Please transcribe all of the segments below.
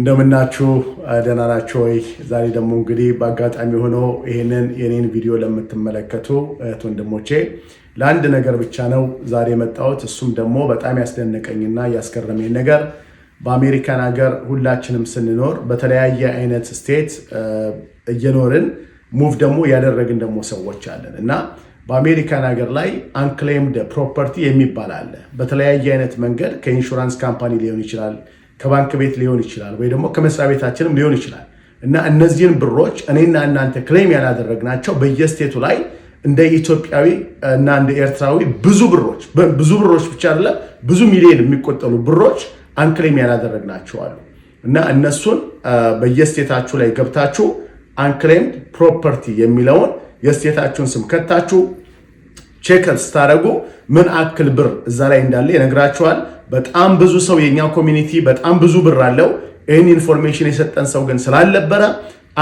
እንደምናችሁ ደህና ናችሁ ወይ? ዛሬ ደግሞ እንግዲህ በአጋጣሚ ሆኖ ይህንን የኔን ቪዲዮ ለምትመለከቱ እህት ወንድሞቼ ለአንድ ነገር ብቻ ነው ዛሬ የመጣሁት። እሱም ደግሞ በጣም ያስደነቀኝና ያስገረመኝ ነገር በአሜሪካን ሀገር ሁላችንም ስንኖር በተለያየ አይነት ስቴት እየኖርን ሙቭ ደግሞ ያደረግን ደግሞ ሰዎች አለን እና በአሜሪካን ሀገር ላይ አንክሌምድ ፕሮፐርቲ የሚባል አለ። በተለያየ አይነት መንገድ ከኢንሹራንስ ካምፓኒ ሊሆን ይችላል ከባንክ ቤት ሊሆን ይችላል፣ ወይ ደግሞ ከመስሪያ ቤታችንም ሊሆን ይችላል እና እነዚህን ብሮች እኔና እናንተ ክሌም ያላደረግናቸው በየስቴቱ ላይ እንደ ኢትዮጵያዊ እና እንደ ኤርትራዊ ብዙ ብሮች ብዙ ብሮች ብቻ አይደለም ብዙ ሚሊዮን የሚቆጠሩ ብሮች አንክሌም ያላደረግናቸው አሉ እና እነሱን በየስቴታችሁ ላይ ገብታችሁ አንክሌም ፕሮፐርቲ የሚለውን የስቴታችሁን ስም ከታችሁ ቼከር ስታደረጉ ምን አክል ብር እዛ ላይ እንዳለ ይነግራቸዋል በጣም ብዙ ሰው የኛ ኮሚኒቲ በጣም ብዙ ብር አለው። ይህን ኢንፎርሜሽን የሰጠን ሰው ግን ስላልነበረ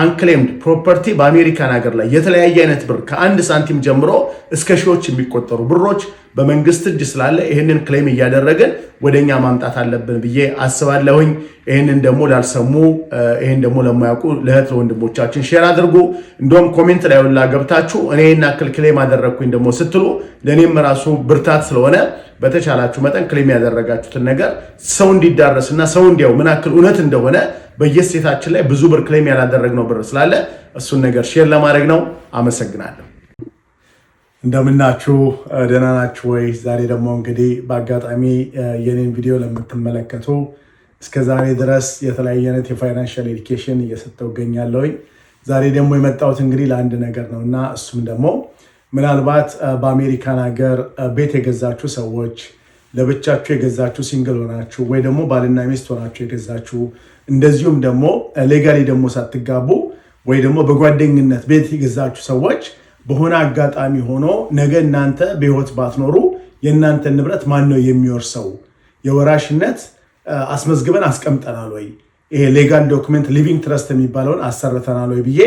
አንክሌምድ ፕሮፐርቲ በአሜሪካን ሀገር ላይ የተለያየ አይነት ብር ከአንድ ሳንቲም ጀምሮ እስከ ሺዎች የሚቆጠሩ ብሮች በመንግስት እጅ ስላለ ይህንን ክሌም እያደረግን ወደኛ ማምጣት አለብን ብዬ አስባለሁኝ። ይህንን ደግሞ ላልሰሙ ይህን ደግሞ ለማያውቁ ለእህት ለወንድሞቻችን ሼር አድርጉ። እንደውም ኮሜንት ላይ ሁላ ገብታችሁ እኔ ይህን አክል ክሌም አደረግኩኝ ደግሞ ስትሉ ለእኔም ራሱ ብርታት ስለሆነ በተቻላችሁ መጠን ክሌም ያደረጋችሁትን ነገር ሰው እና ሰው እንዲያው ምን አክል እውነት እንደሆነ በየሴታችን ላይ ብዙ ብር ክሌም ያላደረግነው ብር ስላለ እሱን ነገር ሼር ለማድረግ ነው። አመሰግናለሁ። እንደምናችሁ ደህና ናችሁ ወይ? ዛሬ ደግሞ እንግዲህ በአጋጣሚ የኔን ቪዲዮ ለምትመለከቱ እስከ ዛሬ ድረስ የተለያየ አይነት የፋይናንሻል ኤዲኬሽን እየሰጠው እገኛለሁኝ። ዛሬ ደግሞ የመጣሁት እንግዲህ ለአንድ ነገር ነው እና እሱም ደግሞ ምናልባት በአሜሪካን ሀገር ቤት የገዛችሁ ሰዎች፣ ለብቻችሁ የገዛችሁ ሲንግል ሆናችሁ ወይ ደግሞ ባልና ሚስት ሆናችሁ የገዛችሁ እንደዚሁም ደግሞ ሌጋሊ ደግሞ ሳትጋቡ ወይ ደግሞ በጓደኝነት ቤት የገዛችሁ ሰዎች በሆነ አጋጣሚ ሆኖ ነገ እናንተ በህይወት ባትኖሩ የእናንተ ንብረት ማን ነው የሚወርሰው? የወራሽነት አስመዝግበን አስቀምጠናል ወይ? ይሄ ሌጋል ዶክመንት ሊቪንግ ትረስት የሚባለውን አሰርተናል ወይ ብዬ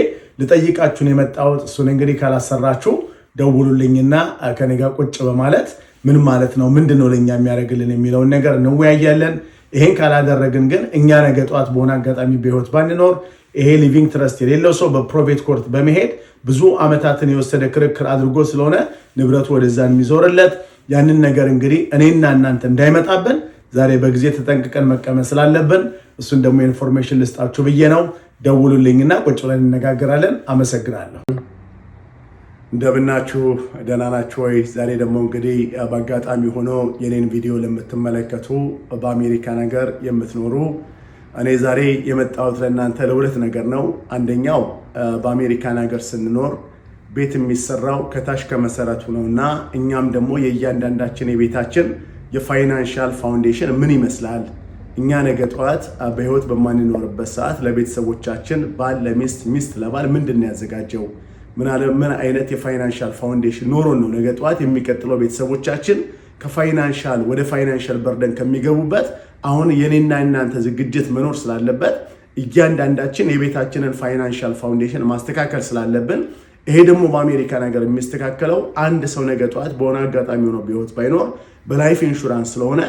ልጠይቃችሁን የመጣሁት እሱን። እንግዲህ ካላሰራችሁ ደውሉልኝና ከኔ ጋር ቁጭ በማለት ምን ማለት ነው፣ ምንድን ነው ለእኛ የሚያደርግልን የሚለውን ነገር እንወያያለን። ይሄን ካላደረግን ግን እኛ ነገ ጠዋት በሆነ አጋጣሚ በህይወት ባንኖር ይሄ ሊቪንግ ትረስት የሌለው ሰው በፕሮቤት ኮርት በመሄድ ብዙ ዓመታትን የወሰደ ክርክር አድርጎ ስለሆነ ንብረቱ ወደዛ የሚዞርለት ያንን ነገር እንግዲህ እኔና እናንተ እንዳይመጣብን ዛሬ በጊዜ ተጠንቅቀን መቀመጥ ስላለብን እሱን ደግሞ ኢንፎርሜሽን ልስጣችሁ ብዬ ነው። ደውሉልኝና ቁጭ ብለን እንነጋገራለን። አመሰግናለሁ። እንደምናችሁ ደህና ናችሁ ወይ? ዛሬ ደግሞ እንግዲህ በአጋጣሚ ሆኖ የኔን ቪዲዮ ለምትመለከቱ በአሜሪካ ሀገር የምትኖሩ እኔ ዛሬ የመጣሁት ለእናንተ ለሁለት ነገር ነው። አንደኛው በአሜሪካን ሀገር ስንኖር ቤት የሚሰራው ከታች ከመሰረቱ ነው እና እኛም ደግሞ የእያንዳንዳችን የቤታችን የፋይናንሻል ፋውንዴሽን ምን ይመስላል እኛ ነገ ጠዋት በህይወት በማንኖርበት ሰዓት ለቤተሰቦቻችን ባል ለሚስት፣ ሚስት ለባል ምንድን ነው ያዘጋጀው ምን አይነት የፋይናንሻል ፋውንዴሽን ኖሮን ነው ነገ ጠዋት የሚቀጥለው ቤተሰቦቻችን ከፋይናንሻል ወደ ፋይናንሻል በርደን ከሚገቡበት አሁን የኔና እናንተ ዝግጅት መኖር ስላለበት እያንዳንዳችን የቤታችንን ፋይናንሻል ፋውንዴሽን ማስተካከል ስላለብን ይሄ ደግሞ በአሜሪካ ነገር የሚስተካከለው አንድ ሰው ነገ ጠዋት በሆነ አጋጣሚ ሆኖ ቢወት ባይኖር በላይፍ ኢንሹራንስ ስለሆነ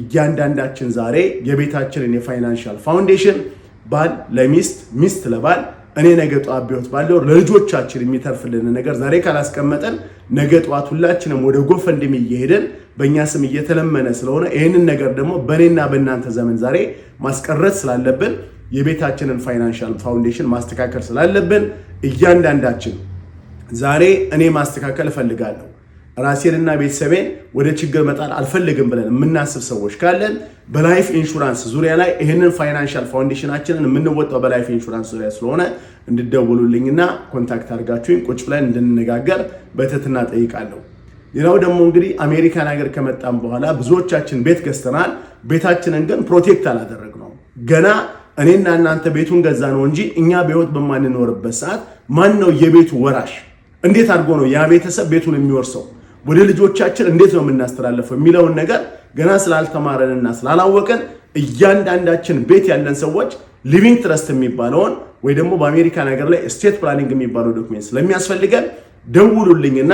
እያንዳንዳችን ዛሬ የቤታችንን የፋይናንሻል ፋውንዴሽን ባል ለሚስት ሚስት ለባል እኔ ነገ ጠዋት ቢሆን ባለው ለልጆቻችን የሚተርፍልን ነገር ዛሬ ካላስቀመጠን ነገ ጠዋት ሁላችንም ወደ ጎፈንድሚ እየሄደን በእኛ ስም እየተለመነ ስለሆነ ይህንን ነገር ደግሞ በእኔና በእናንተ ዘመን ዛሬ ማስቀረት ስላለብን የቤታችንን ፋይናንሻል ፋውንዴሽን ማስተካከል ስላለብን እያንዳንዳችን ዛሬ እኔ ማስተካከል እፈልጋለሁ ራሴንና ቤተሰቤን ወደ ችግር መጣል አልፈልግም ብለን የምናስብ ሰዎች ካለን በላይፍ ኢንሹራንስ ዙሪያ ላይ ይህንን ፋይናንሻል ፋውንዴሽናችንን የምንወጣው በላይፍ ኢንሹራንስ ዙሪያ ስለሆነ እንድደውሉልኝና ኮንታክት አድርጋችሁኝ ቁጭ ብለን እንድንነጋገር በትህትና ጠይቃለሁ። ሌላው ደግሞ እንግዲህ አሜሪካን ሀገር ከመጣም በኋላ ብዙዎቻችን ቤት ገዝተናል። ቤታችንን ግን ፕሮቴክት አላደረግነው ገና እኔና እናንተ ቤቱን ገዛ ነው እንጂ እኛ በሕይወት በማንኖርበት ሰዓት ማን ነው የቤቱ ወራሽ? እንዴት አድርጎ ነው ያ ቤተሰብ ቤቱን የሚወርሰው? ወደ ልጆቻችን እንዴት ነው የምናስተላልፈው የሚለውን ነገር ገና ስላልተማረንና ስላላወቅን እያንዳንዳችን ቤት ያለን ሰዎች ሊቪንግ ትረስት የሚባለውን ወይ ደግሞ በአሜሪካ ነገር ላይ ስቴት ፕላኒንግ የሚባለው ዶክሜንት ስለሚያስፈልገን ደውሉልኝና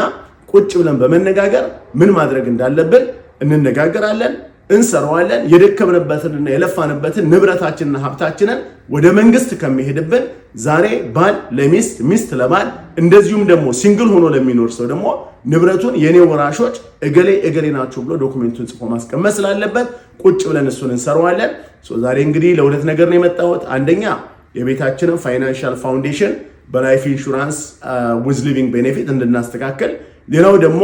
ቁጭ ብለን በመነጋገር ምን ማድረግ እንዳለብን እንነጋገራለን። እንሰራዋለን። የደከምንበትንና የለፋንበትን ንብረታችንና ሀብታችንን ወደ መንግስት ከሚሄድብን ዛሬ ባል ለሚስት ሚስት ለባል እንደዚሁም ደግሞ ሲንግል ሆኖ ለሚኖር ሰው ደግሞ ንብረቱን የኔ ወራሾች እገሌ እገሌ ናቸው ብሎ ዶክሜንቱን ጽፎ ማስቀመጥ ስላለበት ቁጭ ብለን እሱን እንሰራዋለን። ዛሬ እንግዲህ ለሁለት ነገር ነው የመጣሁት። አንደኛ የቤታችንን ፋይናንሻል ፋውንዴሽን በላይፍ ኢንሹራንስ ዊዝ ሊቪንግ ቤኔፊት እንድናስተካከል፣ ሌላው ደግሞ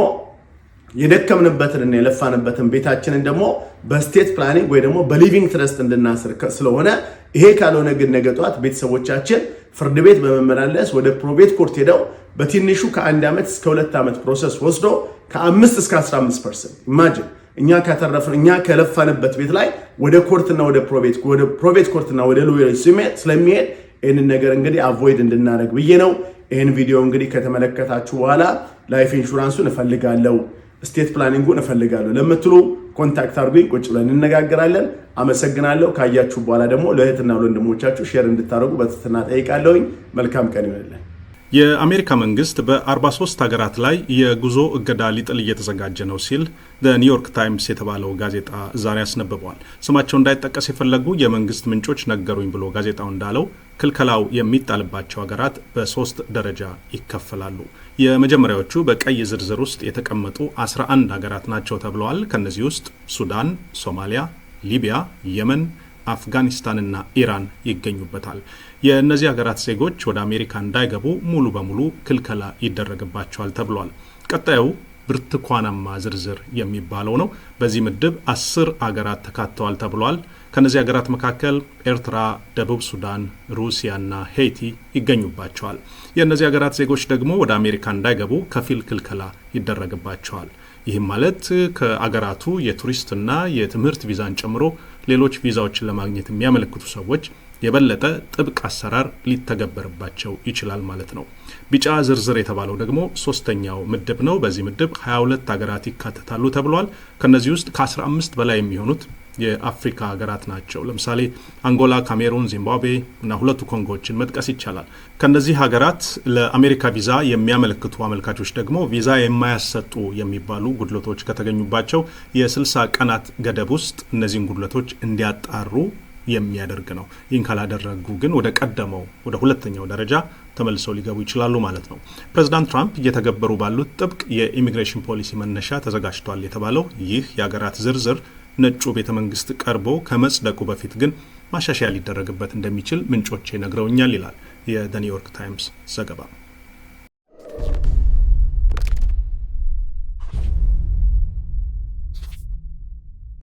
የደከምንበትን እና የለፋንበትን ቤታችንን ደግሞ በስቴት ፕላኒንግ ወይ ደግሞ በሊቪንግ ትረስት እንድናስር ስለሆነ ይሄ ካልሆነ ግን ነገ ጠዋት ቤተሰቦቻችን ፍርድ ቤት በመመላለስ ወደ ፕሮቤት ኮርት ሄደው በትንሹ ከአንድ ዓመት እስከ ሁለት ዓመት ፕሮሰስ ወስዶ ከአምስት እስከ 15 ፐርሰንት ኢማጅን እኛ ካተረፍን እኛ ከለፋንበት ቤት ላይ ወደ ኮርትና ወደ ፕሮቤት ኮርትና ወደ ሎየሮች ስለሚሄድ ይህንን ነገር እንግዲህ አቮይድ እንድናደርግ ብዬ ነው። ይህን ቪዲዮ እንግዲህ ከተመለከታችሁ በኋላ ላይፍ ኢንሹራንሱን እፈልጋለሁ ስቴት ፕላኒንጉን እፈልጋለሁ ለምትሉ ኮንታክት አድርጉኝ። ቁጭ ብለን እንነጋገራለን። አመሰግናለሁ። ካያችሁ በኋላ ደግሞ ለእህትና ለወንድሞቻችሁ ሼር እንድታደርጉ በትህትና ጠይቃለሁኝ። መልካም ቀን ይሆንልን። የአሜሪካ መንግስት በ43 ሀገራት ላይ የጉዞ እገዳ ሊጥል እየተዘጋጀ ነው ሲል ኒውዮርክ ታይምስ የተባለው ጋዜጣ ዛሬ አስነብበዋል። ስማቸው እንዳይጠቀስ የፈለጉ የመንግስት ምንጮች ነገሩኝ ብሎ ጋዜጣው እንዳለው ክልከላው የሚጣልባቸው ሀገራት በሶስት ደረጃ ይከፈላሉ። የመጀመሪያዎቹ በቀይ ዝርዝር ውስጥ የተቀመጡ 11 ሀገራት ናቸው ተብለዋል። ከእነዚህ ውስጥ ሱዳን፣ ሶማሊያ፣ ሊቢያ፣ የመን አፍጋኒስታንና ኢራን ይገኙበታል። የእነዚህ ሀገራት ዜጎች ወደ አሜሪካ እንዳይገቡ ሙሉ በሙሉ ክልከላ ይደረግባቸዋል ተብሏል። ቀጣዩ ብርቱካናማ ዝርዝር የሚባለው ነው። በዚህ ምድብ አስር አገራት ተካተዋል ተብሏል። ከነዚህ ሀገራት መካከል ኤርትራ፣ ደቡብ ሱዳን፣ ሩሲያና ሄይቲ ይገኙባቸዋል። የእነዚህ ሀገራት ዜጎች ደግሞ ወደ አሜሪካ እንዳይገቡ ከፊል ክልከላ ይደረግባቸዋል። ይህም ማለት ከአገራቱ የቱሪስትና የትምህርት ቪዛን ጨምሮ ሌሎች ቪዛዎችን ለማግኘት የሚያመለክቱ ሰዎች የበለጠ ጥብቅ አሰራር ሊተገበርባቸው ይችላል ማለት ነው። ቢጫ ዝርዝር የተባለው ደግሞ ሶስተኛው ምድብ ነው። በዚህ ምድብ 22 ሀገራት ይካተታሉ ተብሏል። ከነዚህ ውስጥ ከ15 በላይ የሚሆኑት የአፍሪካ ሀገራት ናቸው። ለምሳሌ አንጎላ፣ ካሜሩን፣ ዚምባብዌ እና ሁለቱ ኮንጎዎችን መጥቀስ ይቻላል። ከእነዚህ ሀገራት ለአሜሪካ ቪዛ የሚያመለክቱ አመልካቾች ደግሞ ቪዛ የማያሰጡ የሚባሉ ጉድለቶች ከተገኙባቸው የ60 ቀናት ገደብ ውስጥ እነዚህን ጉድለቶች እንዲያጣሩ የሚያደርግ ነው። ይህን ካላደረጉ ግን ወደ ቀደመው ወደ ሁለተኛው ደረጃ ተመልሰው ሊገቡ ይችላሉ ማለት ነው። ፕሬዚዳንት ትራምፕ እየተገበሩ ባሉት ጥብቅ የኢሚግሬሽን ፖሊሲ መነሻ ተዘጋጅቷል የተባለው ይህ የሀገራት ዝርዝር ነጩ ቤተ መንግስት ቀርቦ ከመጽደቁ በፊት ግን ማሻሻያ ሊደረግበት እንደሚችል ምንጮቼ ነግረውኛል ይላል የኒውዮርክ ታይምስ ዘገባ።